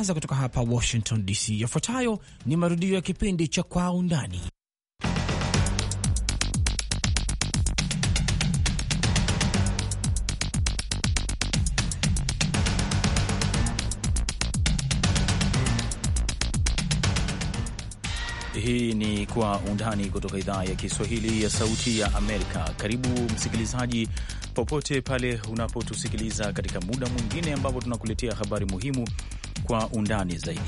Anza kutoka hapa Washington DC. Yafuatayo ni marudio ya kipindi cha Kwa Undani. Hii ni Kwa Undani kutoka idhaa ya Kiswahili ya Sauti ya Amerika. Karibu msikilizaji, popote pale unapotusikiliza katika muda mwingine ambapo tunakuletea habari muhimu kwa undani zaidi.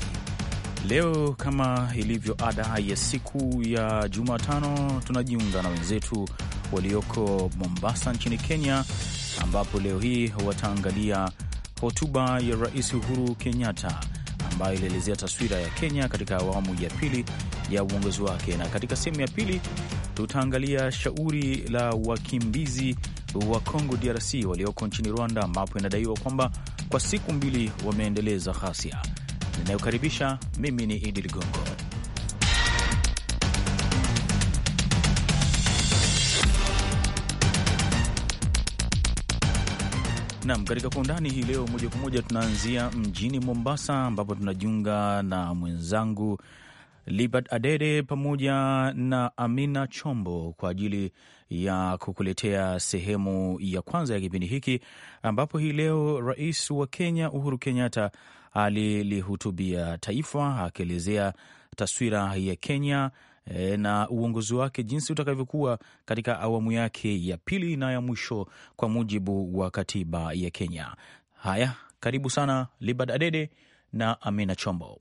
Leo kama ilivyo ada ya siku ya Jumatano, tunajiunga na wenzetu walioko Mombasa nchini Kenya, ambapo leo hii wataangalia hotuba ya Rais Uhuru Kenyatta ambayo ilielezea taswira ya Kenya katika awamu ya pili ya uongozi wake, na katika sehemu ya pili tutaangalia shauri la wakimbizi wa Congo DRC walioko nchini Rwanda, ambapo inadaiwa kwamba kwa siku mbili wameendeleza ghasia. Ninayokaribisha mimi ni Idi Ligongo. Nam, katika kwa undani hii leo, moja kwa moja tunaanzia mjini Mombasa, ambapo tunajiunga na mwenzangu Libert Adede pamoja na Amina Chombo kwa ajili ya kukuletea sehemu ya kwanza ya kipindi hiki ambapo hii leo Rais wa Kenya Uhuru Kenyatta alilihutubia taifa akielezea taswira ya Kenya e, na uongozi wake jinsi utakavyokuwa katika awamu yake ya pili na ya mwisho kwa mujibu wa katiba ya Kenya. Haya, karibu sana Libert Adede na Amina Chombo.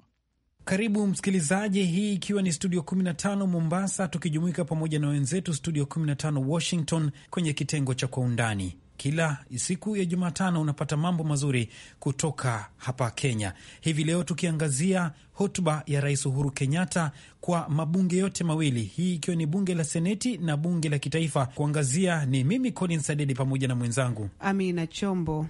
Karibu msikilizaji, hii ikiwa ni studio 15 Mombasa, tukijumuika pamoja na wenzetu studio 15 Washington kwenye kitengo cha kwa undani. Kila siku ya Jumatano unapata mambo mazuri kutoka hapa Kenya. Hivi leo tukiangazia hotuba ya Rais Uhuru Kenyatta kwa mabunge yote mawili, hii ikiwa ni bunge la Seneti na bunge la kitaifa kuangazia. Ni mimi Colin Sadedi pamoja na mwenzangu Amina Chombo.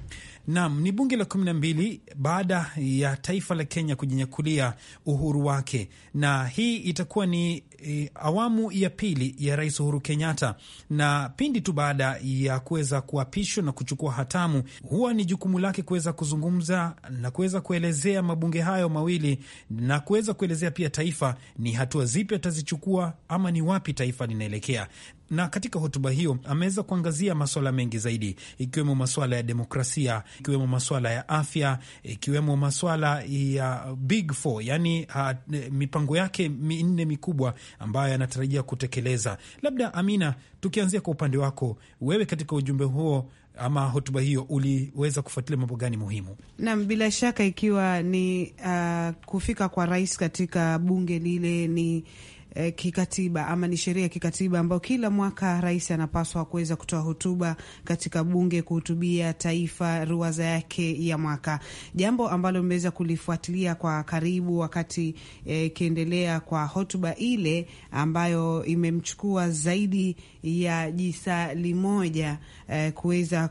Naam, ni bunge la kumi na mbili baada ya taifa la Kenya kujinyakulia uhuru wake, na hii itakuwa ni e, awamu ya pili ya Rais Uhuru Kenyatta, na pindi tu baada ya kuweza kuapishwa na kuchukua hatamu, huwa ni jukumu lake kuweza kuzungumza na kuweza kuelezea mabunge hayo mawili na kuweza kuelezea pia taifa ni hatua zipi atazichukua ama ni wapi taifa linaelekea na katika hotuba hiyo ameweza kuangazia maswala mengi zaidi, ikiwemo maswala ya demokrasia, ikiwemo maswala ya afya, ikiwemo maswala ya Big Four, yani ha, mipango yake minne mikubwa ambayo anatarajia kutekeleza. Labda Amina, tukianzia kwa upande wako wewe, katika ujumbe huo ama hotuba hiyo uliweza kufuatilia mambo gani muhimu? Naam, bila shaka ikiwa ni uh, kufika kwa rais katika bunge lile ni Eh, kikatiba ama ni sheria ya kikatiba ambayo kila mwaka rais anapaswa kuweza kutoa hotuba katika bunge kuhutubia taifa ruwaza yake ya mwaka, jambo ambalo imeweza kulifuatilia kwa karibu wakati eh, ikiendelea eh, kwa hotuba ile ambayo imemchukua zaidi ya jisa limoja e, kuweza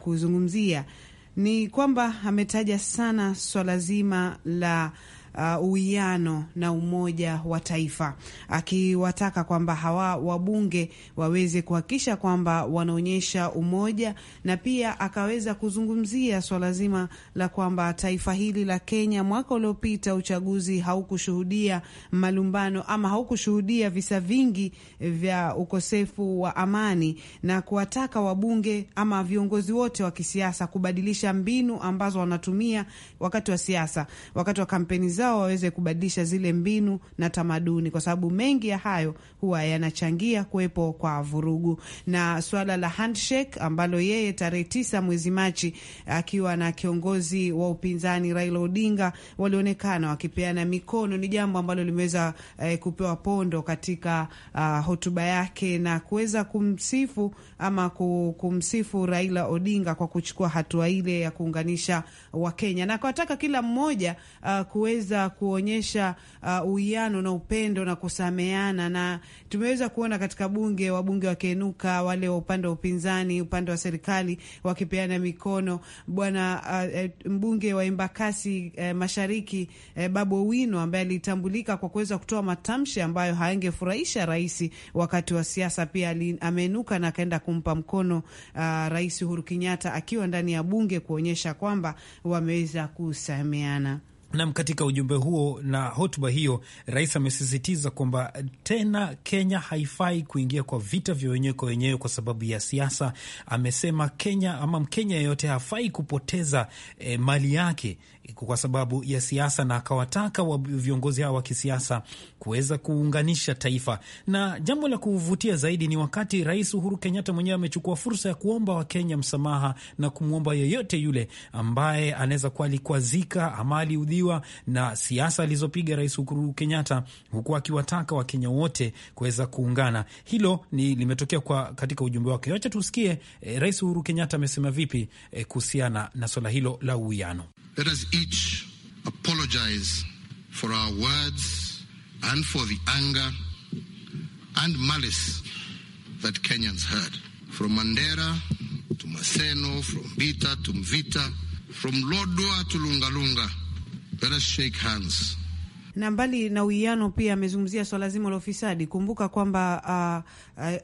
kuzungumzia ni kwamba ametaja sana swala zima la Uh, uwiano uh, na umoja wa taifa, akiwataka kwamba hawa wabunge waweze kuhakikisha kwamba wanaonyesha umoja, na pia akaweza kuzungumzia swala zima la kwamba taifa hili la Kenya mwaka uliopita uchaguzi haukushuhudia malumbano ama haukushuhudia visa vingi vya ukosefu wa amani, na kuwataka wabunge ama viongozi wote wa kisiasa kubadilisha mbinu ambazo wanatumia wakati wa siasa, wakati wa kampeni zao waweze kubadilisha zile mbinu na tamaduni, kwa sababu mengi ya hayo huwa yanachangia kuwepo kwa vurugu. Na swala la handshake ambalo yeye tarehe tisa mwezi Machi akiwa na kiongozi wa upinzani Raila Odinga walionekana wakipeana mikono, ni jambo ambalo limeweza eh, kupewa pondo katika uh, hotuba yake na kuweza kumsifu ama kumsifu Raila Odinga kwa kuchukua hatua ile ya kuunganisha Wakenya na akawataka kila mmoja uh, kuweza kuonyesha uh, uwiano uh, na upendo na kusameana, na tumeweza kuona katika bunge wabunge wakienuka, wale wa upande wa upinzani, upande wa serikali wakipeana mikono. Bwana uh, eh, mbunge wa Embakasi uh, Mashariki uh, Babu Owino ambaye alitambulika kwa kuweza kutoa matamshi ambayo haangefurahisha rais wakati wa siasa, pia ameinuka na akaenda kumpa mkono uh, Rais Uhuru Kenyatta akiwa ndani ya bunge kuonyesha kwamba wameweza kusameana Nam, katika ujumbe huo na hotuba hiyo, rais amesisitiza kwamba tena Kenya haifai kuingia kwa vita vya wenyewe kwa wenyewe kwa sababu ya siasa. Amesema Kenya ama Mkenya yeyote hafai kupoteza e, mali yake kwa sababu ya siasa, na akawataka viongozi hao wa kisiasa kuweza kuunganisha taifa. Na jambo la kuvutia zaidi ni wakati Rais Uhuru Kenyatta mwenyewe amechukua fursa ya kuomba Wakenya msamaha na kumwomba yeyote yule ambaye anaweza kuwa alikwazika ama aliudhi kuchukuliwa na siasa alizopiga Rais Uhuru Kenyatta, huku akiwataka Wakenya wote kuweza kuungana. Hilo ni limetokea kwa katika ujumbe wake. Wacha tusikie eh, Rais Uhuru Kenyatta amesema vipi eh, kuhusiana na swala hilo la uwiano. Let us each apologize for our words and for the anger and malice that Kenyans heard from Mandera to Maseno, from Bita to Mvita, from Lodwa to Lungalunga. Let us shake hands na mbali na uwiano pia amezungumzia swala so zima la ufisadi. Kumbuka kwamba uh,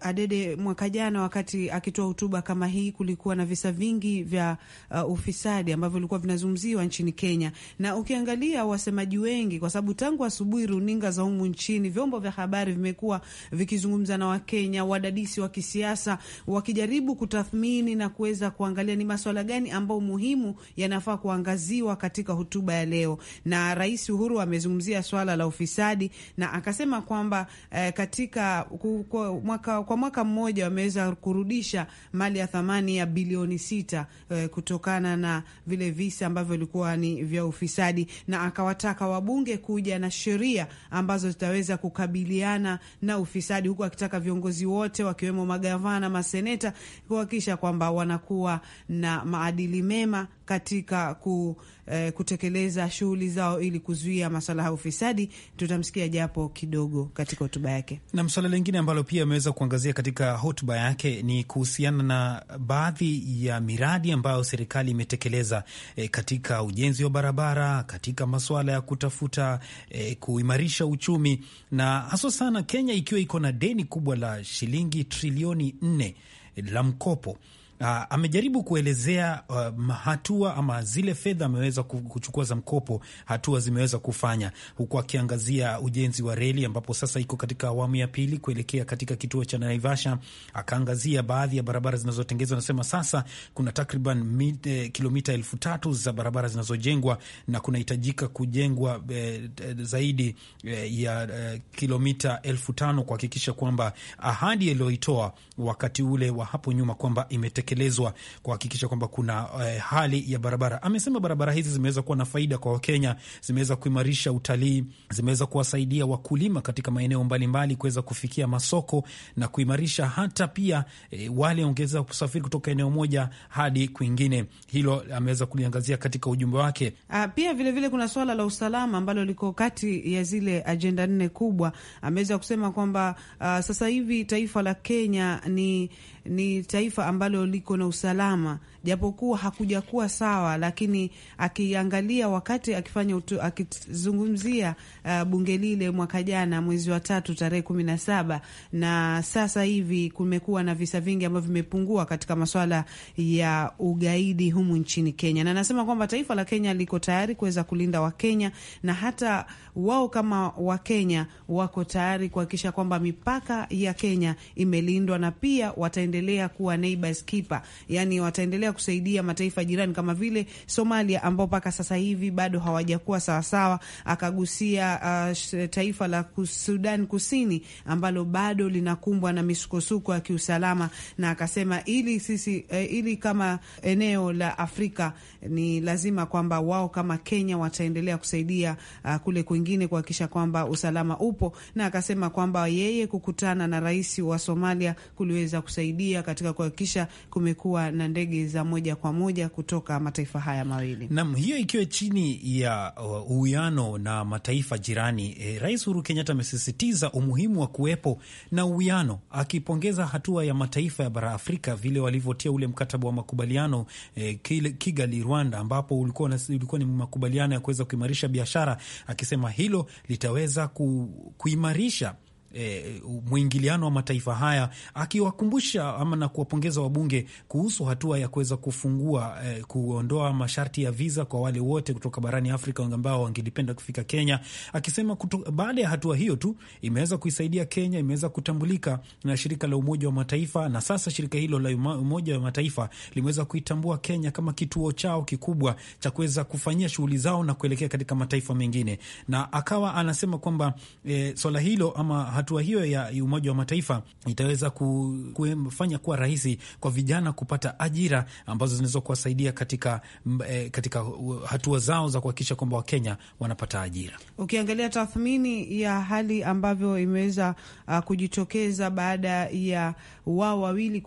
Adede mwaka jana wakati akitoa hotuba kama hii, kulikuwa na visa vingi vya uh, ufisadi ambavyo vilikuwa vinazungumziwa nchini Kenya, na ukiangalia wasemaji wengi, kwa sababu tangu asubuhi runinga za humu nchini, vyombo vya habari vimekuwa vikizungumza na Wakenya, wadadisi wa kisiasa wakijaribu kutathmini na kuweza kuangalia ni maswala gani ambayo muhimu yanafaa kuangaziwa katika hotuba ya leo, na Rais Uhuru amezungumzia swala la ufisadi, na akasema kwamba eh, katika kwa mwaka, kwa mwaka mmoja wameweza kurudisha mali ya thamani ya bilioni sita eh, kutokana na vile visa ambavyo ilikuwa ni vya ufisadi, na akawataka wabunge kuja na sheria ambazo zitaweza kukabiliana na ufisadi, huku akitaka viongozi wote wakiwemo magavana, maseneta kuhakikisha kwamba wanakuwa na maadili mema katika ku, eh, kutekeleza shughuli zao ili kuzuia maswala ya ufisadi. Tutamsikia japo kidogo katika hotuba yake. Na swala lingine ambalo pia ameweza kuangazia katika hotuba yake ni kuhusiana na baadhi ya miradi ambayo serikali imetekeleza eh, katika ujenzi wa barabara, katika maswala ya kutafuta eh, kuimarisha uchumi na haswa sana Kenya ikiwa iko na deni kubwa la shilingi trilioni nne eh, la mkopo Uh, amejaribu kuelezea uh, hatua ama zile fedha ameweza kuchukua za mkopo, hatua zimeweza kufanya, huku akiangazia ujenzi wa reli ambapo sasa iko katika awamu ya pili kuelekea katika kituo cha Naivasha. Akaangazia baadhi ya barabara zinazotengenezwa, anasema sasa kuna takriban eh, kilomita elfu tatu za barabara zinazojengwa na kunahitajika kujengwa eh, zaidi eh, ya eh, kilomita elfu tano kuhakikisha kwamba ahadi aliyoitoa wakati ule wa hapo nyuma kwamba imete kutekelezwa kuhakikisha kwamba kuna eh, hali ya barabara. Amesema barabara hizi zimeweza kuwa na faida kwa Wakenya, zimeweza kuimarisha utalii, zimeweza kuwasaidia wakulima katika maeneo mbalimbali kuweza kufikia masoko na kuimarisha hata pia eh, wale ongeza kusafiri kutoka eneo moja hadi kwingine. Hilo ameweza kuliangazia katika ujumbe wake. A, ah, pia vilevile vile kuna swala la usalama ambalo liko kati ya zile ajenda nne kubwa. Ameweza kusema kwamba ah, sasa hivi taifa la Kenya ni ni taifa ambalo liko na usalama japokuwa hakuja kuwa sawa, lakini akiangalia wakati akifanya utu, akizungumzia uh, bunge lile mwaka jana mwezi wa tatu tarehe kumi na saba na sasa hivi kumekuwa na visa vingi ambavyo vimepungua katika masuala ya ugaidi humu nchini Kenya, na anasema kwamba taifa la Kenya liko tayari kuweza kulinda Wakenya na hata wao kama Wakenya wako tayari kuhakikisha kwamba mipaka ya Kenya imelindwa na pia wataendelea kuwa neighbors keeper, yani wataendelea kusaidia mataifa jirani kama vile Somalia ambao mpaka sasa hivi bado hawajakuwa sawasawa. Akagusia uh, taifa la Sudan Kusini ambalo bado linakumbwa na misukosuko ya kiusalama, na akasema ili sisi uh, ili kama eneo la Afrika ni lazima kwamba wao kama Kenya wataendelea kusaidia uh, kule kwingine kuhakikisha kwamba usalama upo, na akasema kwamba yeye kukutana na rais wa Somalia kuliweza kusaidia katika kuhakikisha kumekuwa na ndege za moja kwa moja kutoka mataifa haya mawili. Naam, hiyo ikiwa chini ya uh, uwiano na mataifa jirani. E, Rais Uhuru Kenyatta amesisitiza umuhimu wa kuwepo na uwiano, akipongeza hatua ya mataifa ya bara Afrika vile walivyotia ule mkataba wa makubaliano e, Kigali, Rwanda, ambapo ulikuwa, ulikuwa ni makubaliano ya kuweza kuimarisha biashara, akisema hilo litaweza ku, kuimarisha E, mwingiliano wa mataifa haya akiwakumbusha ama na kuwapongeza wabunge kuhusu hatua ya kuweza kufungua e, kuondoa masharti ya viza kwa wale wote kutoka barani Afrika ambao wangelipenda kufika Kenya, akisema baada ya hatua hiyo tu imeweza kuisaidia Kenya, imeweza kutambulika na shirika la Umoja wa Mataifa, na sasa shirika hilo la Umoja wa Mataifa limeweza kuitambua Kenya kama kituo chao kikubwa cha kuweza kufanyia shughuli zao na kuelekea katika mataifa mengine, na akawa anasema kwamba e, swala hilo ama hatua hiyo ya Umoja wa Mataifa itaweza kufanya kuwa rahisi kwa vijana kupata ajira ambazo zinaweza kuwasaidia katika, eh, katika hatua zao za kuhakikisha kwamba Wakenya wanapata ajira. Ukiangalia tathmini ya hali ambavyo imeweza uh, kujitokeza baada ya wao wawili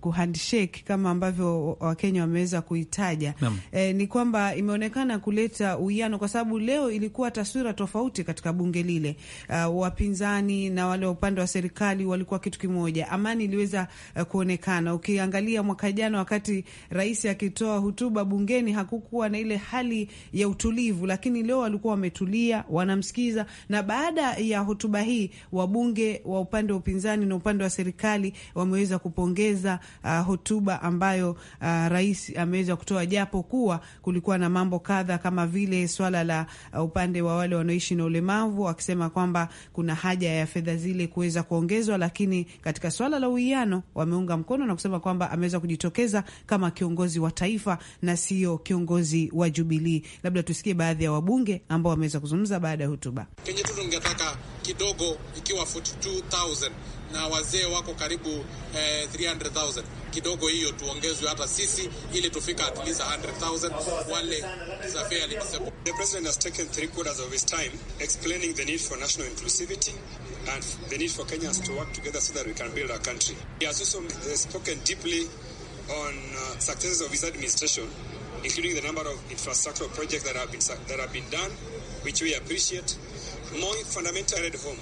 kuhandshake kama ambavyo Wakenya wameweza kuitaja e, ni kwamba imeonekana kuleta uwiano, kwa sababu leo ilikuwa taswira tofauti katika bunge lile. Uh, wapinzani upinzani na wale wa upande wa serikali walikuwa kitu kimoja. Amani iliweza uh, kuonekana. Ukiangalia mwaka jana wakati rais akitoa hutuba bungeni, hakukuwa na ile hali ya utulivu, lakini leo walikuwa wametulia, wanamsikiza. Na baada ya hotuba hii, wabunge wa upande wa upinzani na upande wa serikali wameweza kupongeza uh, ah, hotuba ambayo uh, rais ameweza kutoa, japo kuwa kulikuwa na mambo kadha kama vile swala la uh, upande wa wale wanaoishi na ulemavu, akisema kwamba kuna haja ya fedha zile kuweza kuongezwa, lakini katika swala la uwiano wameunga mkono na kusema kwamba ameweza kujitokeza kama kiongozi wa taifa na sio kiongozi wa Jubilii. Labda tusikie baadhi ya wabunge ambao wameweza kuzungumza baada ya hotuba. Kenye tu tungetaka kidogo, ikiwa 42,000 na wazee wako karibu eh, 300,000 kidogo hiyo tuongezwe hata sisi ili tufika at least 100,000 wale The president has taken three quarters of his time explaining the need for national inclusivity and the need for Kenyans to work together so that we can build our country. He has also eh, spoken deeply on uh, successes of his administration including the number of infrastructural projects that have been that have been done which we appreciate. More fundamentally at home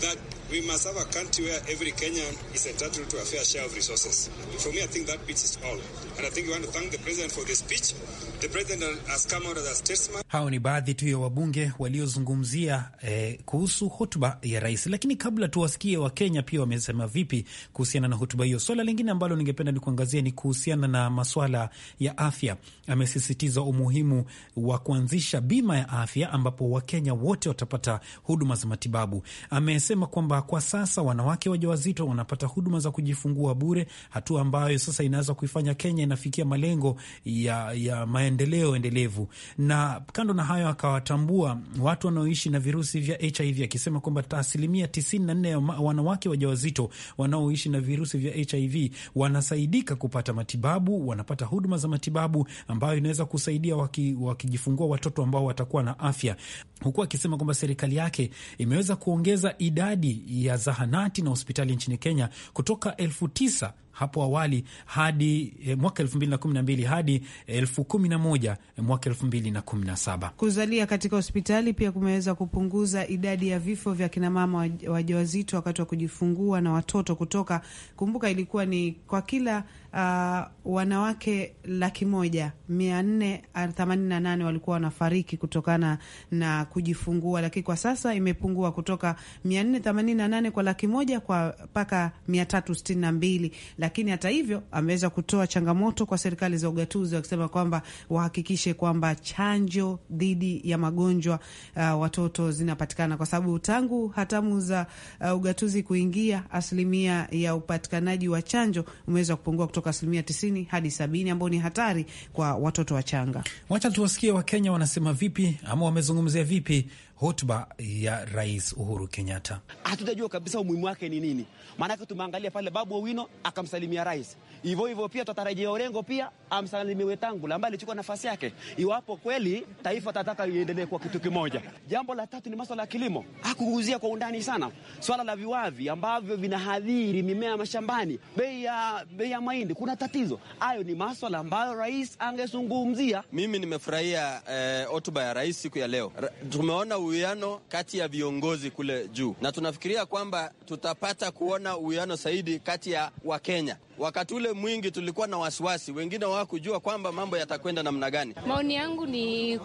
that We must have a country where every Kenyan is entitled to a fair share of resources. For me, I think that beats it all. And I think we want to thank the president for this speech. The president has come out as a statesman. Hao ni baadhi tu ya wabunge waliozungumzia eh, kuhusu hotuba ya rais. Lakini kabla tuwasikie Wakenya pia wamesema vipi kuhusiana na hotuba hiyo, swala lingine ambalo ningependa ni kuangazia ni kuhusiana na maswala ya afya. Amesisitiza umuhimu wa kuanzisha bima ya afya ambapo Wakenya wote watapata huduma za matibabu. Amesema kwamba kwa sasa wanawake wajawazito wanapata huduma za kujifungua bure, hatua ambayo sasa inaweza kuifanya Kenya inafikia malengo ya, ya maendeleo endelevu. Na kando na hayo, akawatambua watu wanaoishi na virusi vya HIV akisema kwamba asilimia 94 ya wanawake wajawazito wanaoishi na virusi vya HIV wanasaidika kupata matibabu, wanapata huduma za matibabu ambayo inaweza kusaidia waki, wakijifungua watoto ambao watakuwa na afya, huku akisema kwamba serikali yake imeweza kuongeza idadi ya zahanati na hospitali nchini Kenya kutoka elfu tisa hapo awali hadi e, mwaka elfu mbili na na kumi mbili hadi eh, elfu kumi na moja eh, mwaka elfu mbili na na kumi saba Kuzalia katika hospitali pia kumeweza kupunguza idadi ya vifo vya kinamama wajawazito wakati wa kujifungua na watoto kutoka, kumbuka ilikuwa ni kwa kila uh, wanawake laki moja mia nne ah, themanini na nane walikuwa wanafariki kutokana na kujifungua, lakini kwa sasa imepungua kutoka mia nne themanini na nane kwa laki moja kwa mpaka mia tatu sitini na mbili lakini hata hivyo ameweza kutoa changamoto kwa serikali za ugatuzi, wakisema kwamba wahakikishe kwamba chanjo dhidi ya magonjwa uh, watoto zinapatikana, kwa sababu tangu hatamu za uh, ugatuzi kuingia, asilimia ya upatikanaji wa chanjo umeweza kupungua kutoka asilimia tisini hadi sabini, ambao ni hatari kwa watoto wachanga. Wacha tuwasikie Wakenya wanasema vipi ama wamezungumzia vipi hotuba ya Rais Uhuru Kenyatta. Hatutajua kabisa umuhimu wake ni nini, maanake tumeangalia pale Babu Owino akamsalimia rais, hivyo hivyo pia tatarajia Orengo pia amsalimie Wetangula ambaye alichukua nafasi yake, iwapo kweli taifa tataka iendelee kwa kitu kimoja. Jambo la tatu ni maswala ya kilimo, akuguzia kwa undani sana swala la viwavi ambavyo vinahadhiri mimea mashambani, bei ya bei ya mahindi, kuna tatizo. Hayo ni maswala ambayo rais angezungumzia. Mimi nimefurahia eh, hotuba eh, ya rais siku ya leo. Ra, tumeona uwiano kati ya viongozi kule juu, na tunafikiria kwamba tutapata kuona uwiano zaidi kati ya Wakenya. Wakati ule mwingi tulikuwa na wasiwasi, wengine hawakujua kwamba mambo yatakwenda namna gani. Maoni yangu ni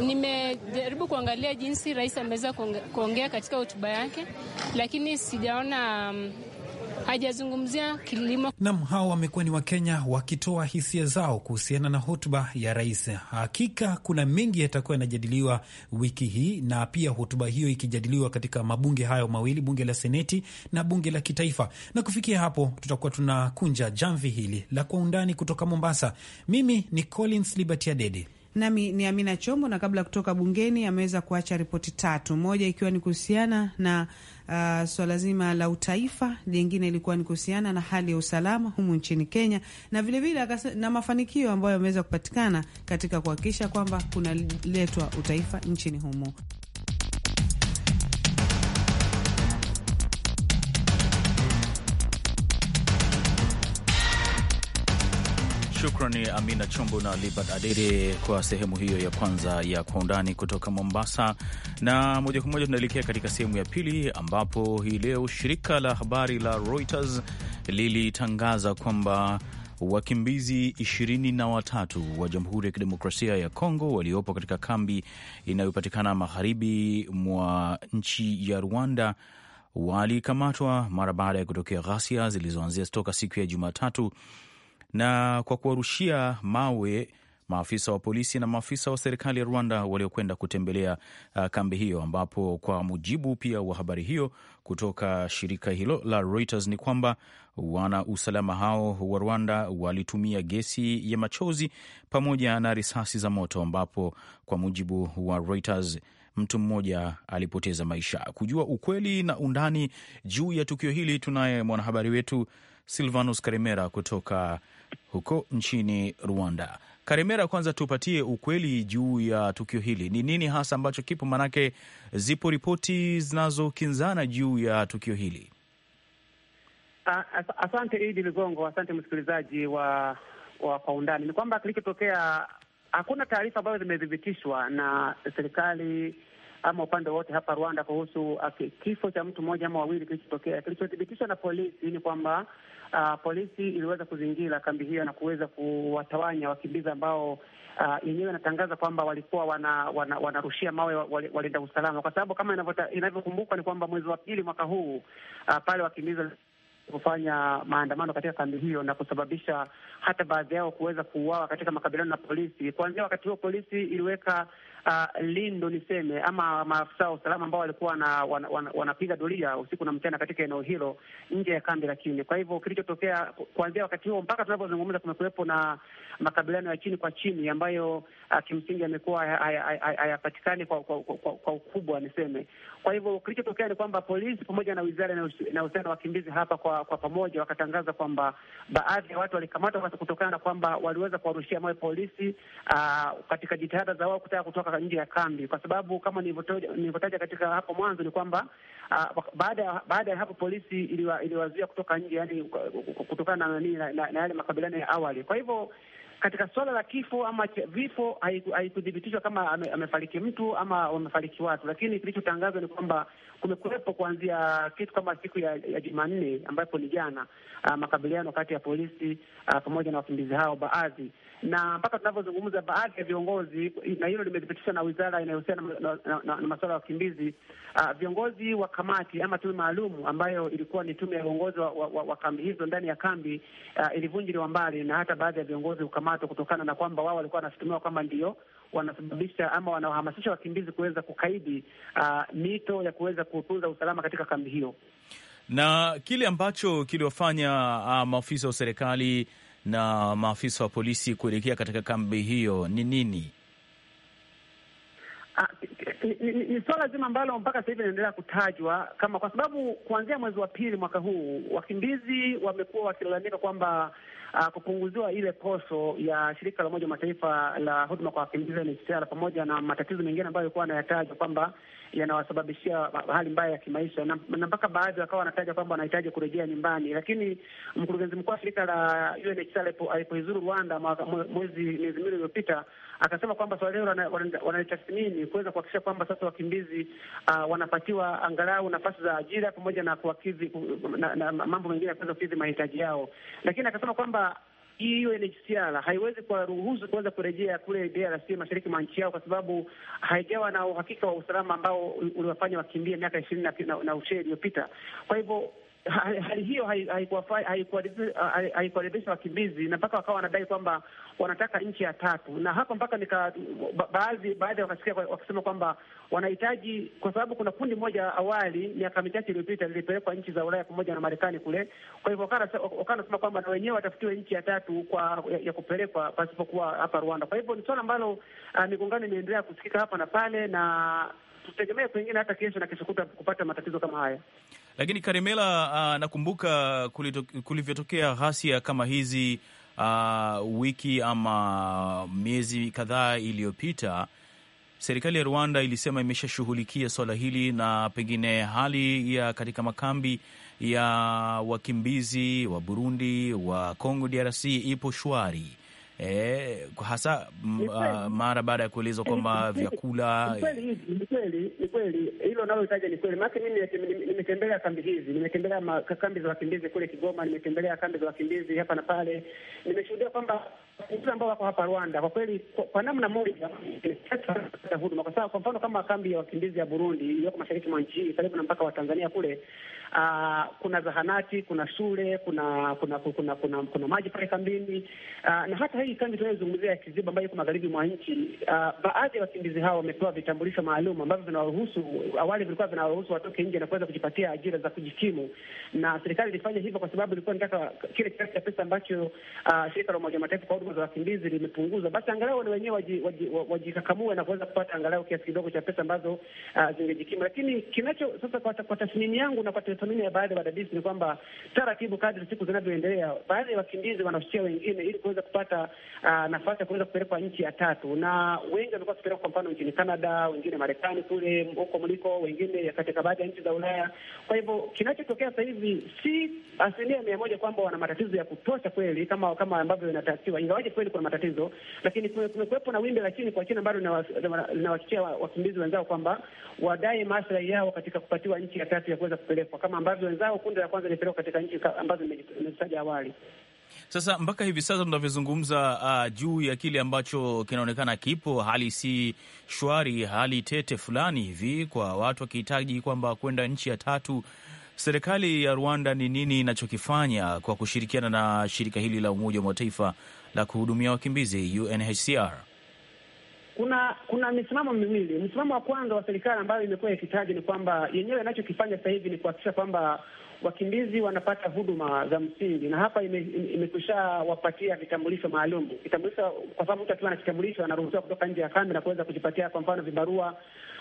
nimejaribu kuangalia jinsi rais ameweza kuongea katika hotuba yake, lakini sijaona um, hajazungumzia kilimo. Nam, hao wamekuwa ni Wakenya wakitoa hisia zao kuhusiana na hotuba ya rais. Hakika kuna mengi yatakuwa yanajadiliwa wiki hii, na pia hotuba hiyo ikijadiliwa katika mabunge hayo mawili, bunge la seneti na bunge la kitaifa. Na kufikia hapo, tutakuwa tunakunja jamvi hili la kwa undani kutoka Mombasa. Mimi ni Collins Liberty Adede. Nami ni Amina Chombo, na kabla ya kutoka bungeni ameweza kuacha ripoti tatu, moja ikiwa ni kuhusiana na uh, swala zima la utaifa, lingine ilikuwa ni kuhusiana na hali ya usalama humu nchini Kenya, na vilevile vile na mafanikio ambayo yameweza kupatikana katika kuhakikisha kwamba kunaletwa utaifa nchini humo. Shukrani Amina Chombo na Libert Adede kwa sehemu hiyo ya kwanza ya Kwa Undani kutoka Mombasa. Na moja kwa moja tunaelekea katika sehemu ya pili, ambapo hii leo shirika la habari la Reuters lilitangaza kwamba wakimbizi ishirini na watatu wa Jamhuri ya Kidemokrasia ya Kongo waliopo katika kambi inayopatikana magharibi mwa nchi ya Rwanda walikamatwa mara baada ya kutokea ghasia zilizoanzia toka siku ya Jumatatu na kwa kuwarushia mawe maafisa wa polisi na maafisa wa serikali ya Rwanda waliokwenda kutembelea uh, kambi hiyo, ambapo kwa mujibu pia wa habari hiyo kutoka shirika hilo la Reuters ni kwamba wana usalama hao wa Rwanda walitumia gesi ya machozi pamoja na risasi za moto, ambapo kwa mujibu wa Reuters mtu mmoja alipoteza maisha. Kujua ukweli na undani juu ya tukio hili, tunaye mwanahabari wetu Silvanus Karimera kutoka huko nchini Rwanda. Karemera, kwanza tupatie ukweli juu ya tukio hili, ni nini hasa ambacho kipo? Maanake zipo ripoti zinazokinzana juu ya tukio hili. Ah, asante Idi Ligongo, asante msikilizaji wa wa kwa undani. Ni kwamba kilichotokea, hakuna taarifa ambazo zimethibitishwa na serikali ama upande wote hapa Rwanda kuhusu uh, kifo cha mtu mmoja ama wawili kilichotokea. Kilichothibitishwa na polisi ni kwamba uh, polisi iliweza kuzingira kambi hiyo na kuweza kuwatawanya wakimbizi ambao uh, yenyewe uh, inatangaza kwamba walikuwa wanarushia wana, wana mawe walienda wali usalama, kwa sababu kama inavyokumbukwa ni kwamba mwezi wa pili mwaka huu uh, pale wakimbizi kufanya maandamano katika kambi hiyo na kusababisha hata baadhi yao kuweza kuuawa katika makabiliano na polisi. Kuanzia wakati huo polisi iliweka uh, ah, lindo niseme ama maafisa wa usalama ambao walikuwa wanapiga wana, wana, doria usiku na mchana katika eneo hilo nje ya kambi la chini. Kwa hivyo kilichotokea kuanzia wakati huo mpaka tunavyozungumza, kumekuwepo na makabiliano ya chini kwa chini ambayo uh, kimsingi yamekuwa hayapatikani kwa, kwa, kwa, kwa, kwa ukubwa niseme. Kwa hivyo kilichotokea ni kwamba polisi pamoja na wizara inayohusiana na wakimbizi hapa kwa, kwa pamoja wakatangaza kwamba baadhi ya watu walikamatwa kutokana na kwamba waliweza kuwarushia mawe polisi uh, katika jitihada za wao kutaka kutoka mpaka nje ya kambi, kwa sababu kama nilivyotaja katika hapo mwanzo ni kwamba uh, baada baada ya hapo polisi iliwazuia kutoka nje, yani kutokana na yale makabiliano ya awali. Kwa hivyo katika suala la kifo ama vifo haikuthibitishwa kama ame, amefariki mtu ama wamefariki watu, lakini kilichotangazwa ni kwamba kumekuwepo kuanzia kitu kama siku ya, ya Jumanne ambapo ni jana, ah, makabiliano kati ya polisi ah, pamoja na wakimbizi hao baadhi, na mpaka tunavyozungumza baadhi ya viongozi, na hilo limethibitishwa na wizara inayohusiana na, na, na, na masuala ya wakimbizi, ah, viongozi wa kamati ama tume maalum ambayo ilikuwa ni tume ya uongozi wa, wa, wa, wa kambi hizo ndani ya kambi ilivunjiliwa mbali na hata baadhi ya viongozi wa kukamatwa kutokana na kwamba wao walikuwa wanashutumiwa kwamba ndio wanasababisha ama wanaohamasisha wakimbizi kuweza kukaidi uh, mito ya kuweza kutunza usalama katika kambi hiyo, na kile ambacho kiliwafanya uh, maafisa wa serikali na maafisa wa polisi kuelekea katika kambi hiyo ni nini? Uh, ni swala zima ambalo mpaka sasa hivi inaendelea kutajwa kama, kwa sababu kuanzia mwezi wa pili mwaka huu wakimbizi wamekuwa wakilalamika kwamba uh, kupunguziwa ile poso ya shirika la Umoja Mataifa la huduma kwa wakimbizi UNHCR pamoja na matatizo mengine ambayo ilikuwa anayataja kwamba yanawasababishia hali mbaya ya kimaisha, na mpaka baadhi wakawa wanataja kwamba wanahitaji kurejea nyumbani. Lakini mkurugenzi mkuu wa shirika la UNHCR alipoizuru Rwanda mwezi miezi miwili iliyopita akasema kwamba swala hilo wanalitathmini kuweza kuhakikisha kwamba sasa wakimbizi uh, wanapatiwa angalau nafasi za ajira pamoja na kuwakidhi na, na mambo mengine ya kuweza kukidhi mahitaji yao, lakini akasema kwamba hiyo UNHCR haiwezi kuwaruhusu kuweza kurejea kule DRC mashariki mwa nchi yao, kwa sababu haijawa na uhakika wa usalama ambao uliwafanya wakimbie miaka ishirini na, na, na ushee iliyopita. Kwa hivyo hali hiyo haikuwaridhisha wakimbizi, na mpaka wakawa wanadai kwamba wanataka nchi ya tatu, na hapa mpaka nika baadhi baadhi wakasikia wakisema kwamba wanahitaji, kwa sababu kuna kundi moja awali miaka michache iliyopita lilipelekwa nchi za Ulaya pamoja na Marekani kule. Kwa hivyo nasema kwamba na wenyewe watafutiwe nchi ya tatu kwa ya, ya kupelekwa pasipokuwa hapa Rwanda. Kwa hivyo ni swala ambalo uh, migongano imeendelea kusikika hapa na pale, na tutegemee pengine hata kesho na kesho kuta kupata matatizo kama haya. Lakini karimela uh, ah, nakumbuka kulivyotokea ghasia kama hizi uh, wiki ama miezi kadhaa iliyopita, serikali ya Rwanda ilisema imeshashughulikia swala hili, na pengine hali ya katika makambi ya wakimbizi wa Burundi, wa Congo DRC ipo shwari e, hasa ah, mara baada ya kuelezwa kwamba vyakula. Ni kweli, hilo nalohitaja ni kweli, maanake mimi nimetembelea kambi hizi, nimetembelea kambi za wakimbizi kule Kigoma, nimetembelea kambi za wakimbizi hapa na pale, nimeshuhudia kwamba wale ambao wako hapa Rwanda kwa kweli, kwa namna moja eh, huduma, kwa sababu kwa mfano kama kambi ya wakimbizi ya Burundi iliyoko mashariki mwa nchi karibu na mpaka wa Tanzania kule, aa, ah, kuna zahanati, kuna shule, kuna kuna kuna kuna, kuna kuna maji pale kambini, uh, na hata hii kambi tunayozungumzia ya Kiziba ambayo iko magharibi mwa nchi, ah, baadhi ya wakimbizi hao wamepewa vitambulisho maalum ambavyo vinawaruhusu, awali vilikuwa vinawaruhusu watoke nje na kuweza kujipatia ajira za kujikimu, na serikali ilifanya hivyo kwa sababu ilikuwa inataka kile kiasi cha pesa ambacho shirika la Umoja Mataifa huduma za wakimbizi limepunguzwa, basi angalau wale wenyewe wajikakamue waji, waji na kuweza kupata angalau kiasi kidogo cha pesa ambazo uh, zingejikimu. Lakini kinacho sasa, kwa, kwa tathmini yangu na kwa tathmini ya baadhi ya wadadisi ni kwamba taratibu, kadri siku zinavyoendelea, baadhi ya wakimbizi wanafichia wengine ili kuweza kupata uh, nafasi ya kuweza kupelekwa nchi ya tatu, na wengi wamekuwa kupelekwa kwa mfano nchini Canada, wengine Marekani kule huko mliko, wengine katika baadhi ya nchi za Ulaya. Kwa hivyo kinachotokea sasa hivi si asilimia mia moja kwamba wana matatizo ya kutosha kweli kama kama ambavyo inatakiwa ingawaje kweli kuna matatizo, lakini kumekuwepo na wimbi la chini kwa chini ambalo linawachochea wakimbizi wenzao kwamba wadai maslahi yao katika kupatiwa nchi ya tatu ya kuweza kupelekwa, kama ambavyo wenzao kundi la kwanza lilipelekwa katika nchi ambazo nimezitaja awali. Sasa mpaka hivi sasa tunavyozungumza, uh, ah, juu ya kile ambacho kinaonekana kipo, hali si shwari, hali tete fulani hivi, kwa watu wakihitaji kwamba kwenda nchi ya tatu. Serikali ya Rwanda ni nini inachokifanya kwa kushirikiana na shirika hili la Umoja wa Mataifa la kuhudumia wakimbizi UNHCR kuna kuna misimamo miwili. Msimamo wa kwanza wa serikali ambayo imekuwa ikitaji ni kwamba yenyewe inachokifanya sasa hivi ni kuhakikisha kwamba wakimbizi wanapata huduma za msingi, na hapa imekusha wapatia vitambulisho maalum. Kitambulisho, kwa sababu mtu akiwa na kitambulisho anaruhusiwa kutoka nje ya kambi na kuweza kujipatia, kwa mfano, vibarua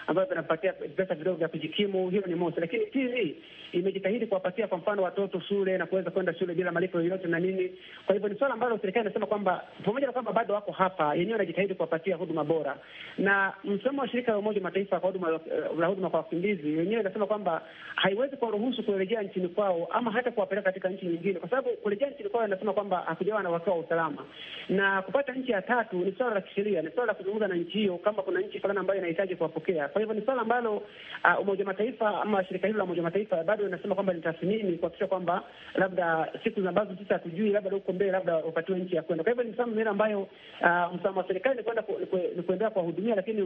ambavyo vinapatia pesa vidogo vya kujikimu. Hiyo ni mosi, lakini pili, imejitahidi kuwapatia, kwa mfano, watoto shule na kuweza kwenda shule bila malipo yoyote na nini. Kwa hivyo ni swala ambalo serikali inasema kwamba pamoja na kwamba bado wako hapa, yenyewe anajitahidi kuwapatia huduma bora bora. Na msemo wa shirika la Umoja Mataifa kwa huduma eh, la huduma kwa wakimbizi wenyewe inasema kwamba haiwezi kuwaruhusu kurejea nchini kwao ama hata kuwapeleka katika nchi nyingine, kwa sababu kurejea nchini kwao inasema kwamba hakujawa na wakiwa wa usalama, na kupata nchi ya tatu ni swala la kisheria, ni swala la kuzungumza na nchi hiyo kama kuna nchi fulani ambayo inahitaji kuwapokea. Kwa hivyo ni swala ambalo uh, Umoja Mataifa ama shirika hilo la Umoja Mataifa bado inasema kwamba litathmini kuhakikisha kwamba labda siku ambazo sisi hatujui, labda huko mbele, labda wapatiwe nchi ya kwenda. Kwa hivyo ni msimamo ambayo uh, ah, msimamo wa serikali ni kwenda ku, kuendelea kuwahudumia, lakini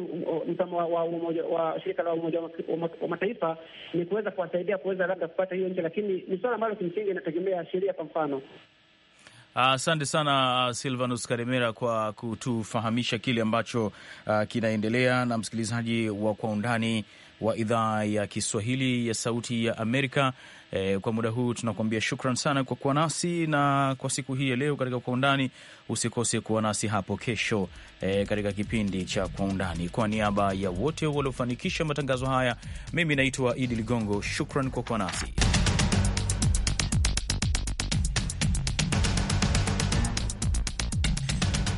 mtama wa, wa, wa shirika la Umoja wa Mataifa ni kuweza kuwasaidia kuweza labda kupata hiyo nchi, lakini ni suala ambalo kimsingi inategemea sheria, kwa mfano. Asante uh, sana uh, Silvanus karimera kwa kutufahamisha kile ambacho uh, kinaendelea. Na msikilizaji wa kwa undani wa idhaa ya Kiswahili ya Sauti ya Amerika. E, kwa muda huu tunakuambia shukran sana kwa kuwa nasi na kwa siku hii ya leo katika Kwa Undani. Usikose kuwa nasi hapo kesho e, katika kipindi cha Kwa Undani. Kwa niaba ya wote waliofanikisha matangazo haya, mimi naitwa Idi Ligongo. Shukran kwa kuwa nasi.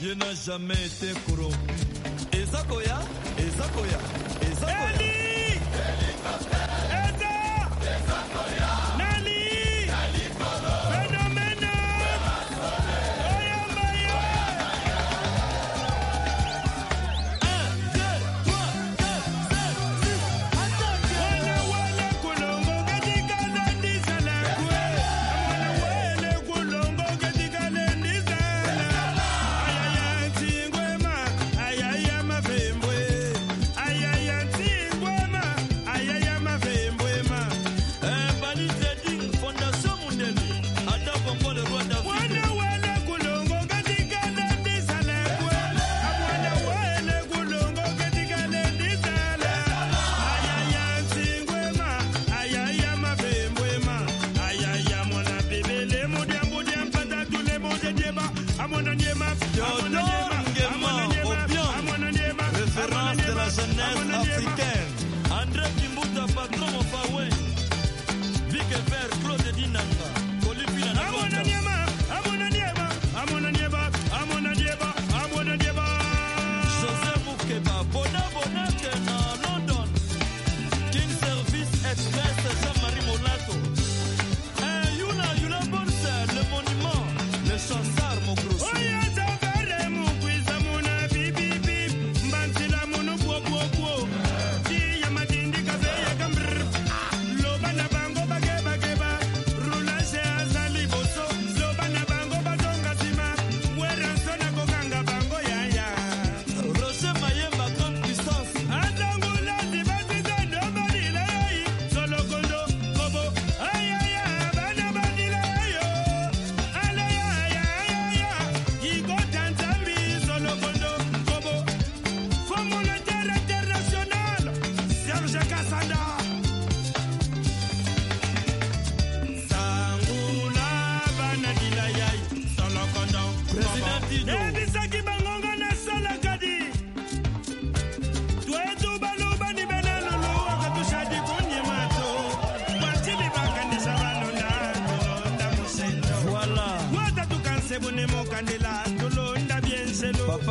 Dieu n'a jamais été corrompu. Ezakoya, et Ezakoya. et Eli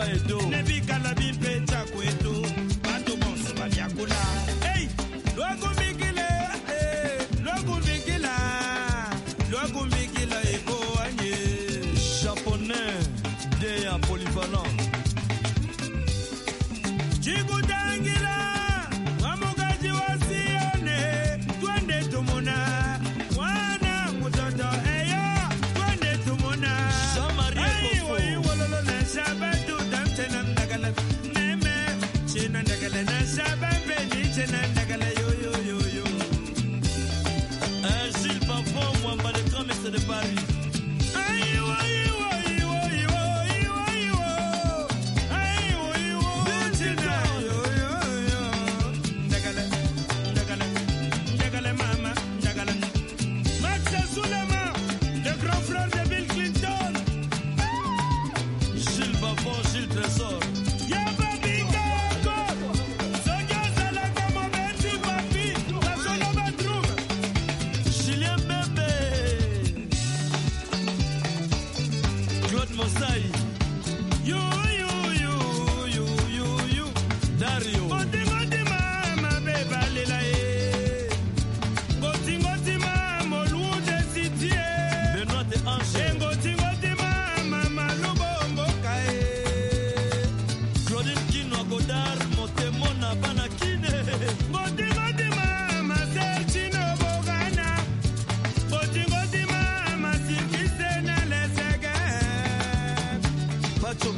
Edo.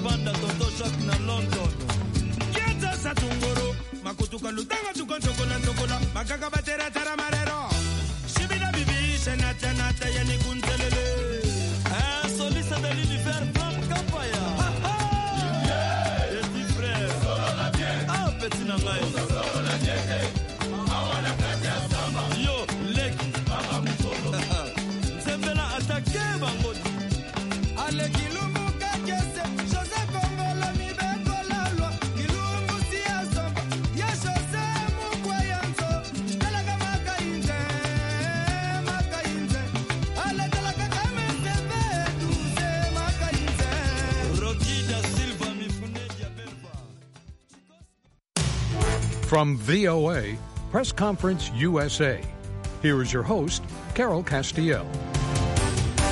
banda toto jacques na london kienza sa tunguru makutuka lutanga na ntokola makaka bateratara marero shibina bibi nata yani yanikunze From VOA, Press Conference USA, here is your host, Carol Castiel.